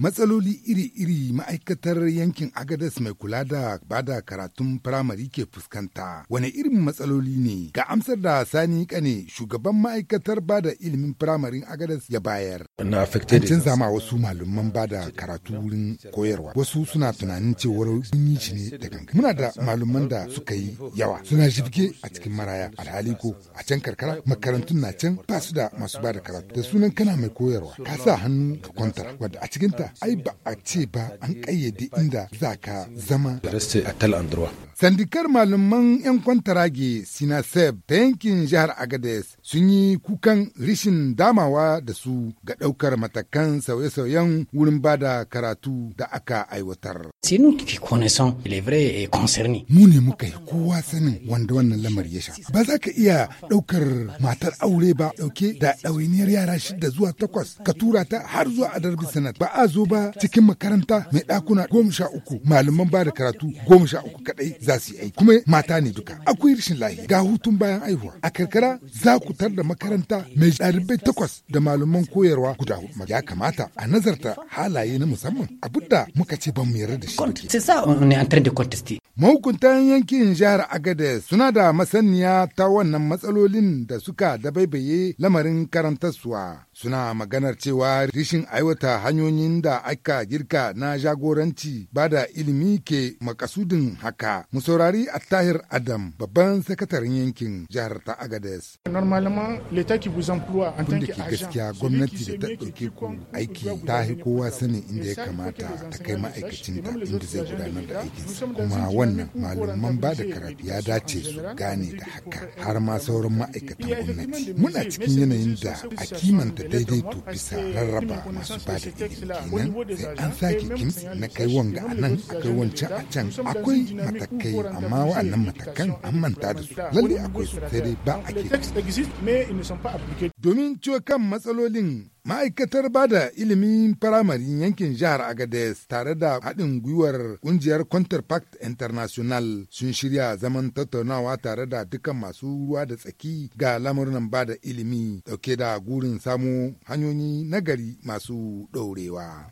Matsaloli iri-iri ma'aikatar yankin Agadas mai kula da bada karatun firamare ke fuskanta. wani irin matsaloli ne? Ga amsar da Sani Kane, shugaban ma'aikatar bada ilimin firamarin Agadas ya bayar. An canza ma wasu malaman bada karatu wurin koyarwa. Wasu suna tunanin cewar yi ne da ganga Muna da malaman da suka yi yawa. Suna shirke a cikin maraya. Alhali ko a can karkara makarantun na can ba su da masu bada karatu. Da sunan kana mai koyarwa. Ka sa hannu ka kwantar wadda a ta. ai ba a ce ba an ƙayyade inda za ka zama. Sandikar malaman 'yan kwantarage Sinaseb ta yankin jihar Agades sun yi kukan rishin damawa da su ga ɗaukar matakan sauye-sauyen wurin ba da karatu da aka aiwatar. Mu ne muka yi kowa sanin wanda wannan lamari ya sha. Ba za ka iya ɗaukar matar aure ba ɗauke da ɗawainiyar yara shida zuwa takwas ka tura ta har zuwa adar bisanat ba a zo zo ba cikin makaranta mai ɗakuna goma sha uku malaman ba da karatu goma sha uku kaɗai za su yi aiki kuma mata ne duka akwai rashin lahiya ga hutun bayan aihuwa a karkara za ku tar da makaranta mai ɗalibai takwas da malaman koyarwa guda hudu ya kamata a nazarta halaye na musamman da muka ce ban mu yarda da shi. Mahukuntan yankin jihar Agade suna da masaniya ta wannan matsalolin da suka dabaibaye lamarin karantarsuwa. Suna maganar cewa rishin aiwata hanyoyin da aka girka na jagoranci ba da ilimi ke makasudin haka. Mu a Attahir Adam, babban sakataren yankin jihar ta Agades. Tun da ke gaskiya gwamnati da ta ɗauke ku aiki ta kowa sani inda ya kamata ta kai ma'aikacinta inda zai gudanar da aikinsa. Kuma wannan malaman ba da karatu ya dace su gane da haka har ma sauran ma'aikatan gwamnati muna cikin yanayin da a kimanta daidaito bisa rarraba masu ba da ilimi kenan sai an sake kimsi na kai wanga a nan kai wancan a can akwai matakai amma wa'annan matakan an manta da su lalle akwai su sai dai ba a ke domin ciwo kan matsalolin Ma'aikatar ba da ilimin firamarin yankin jihar Agadez tare da haɗin gwiwar ƙungiyar Counterpact International sun shirya zaman tattaunawa tare da dukkan masu ruwa da tsaki ga lamurin ba da ilimi dauke da gurin samu hanyoyi nagari masu ɗorewa.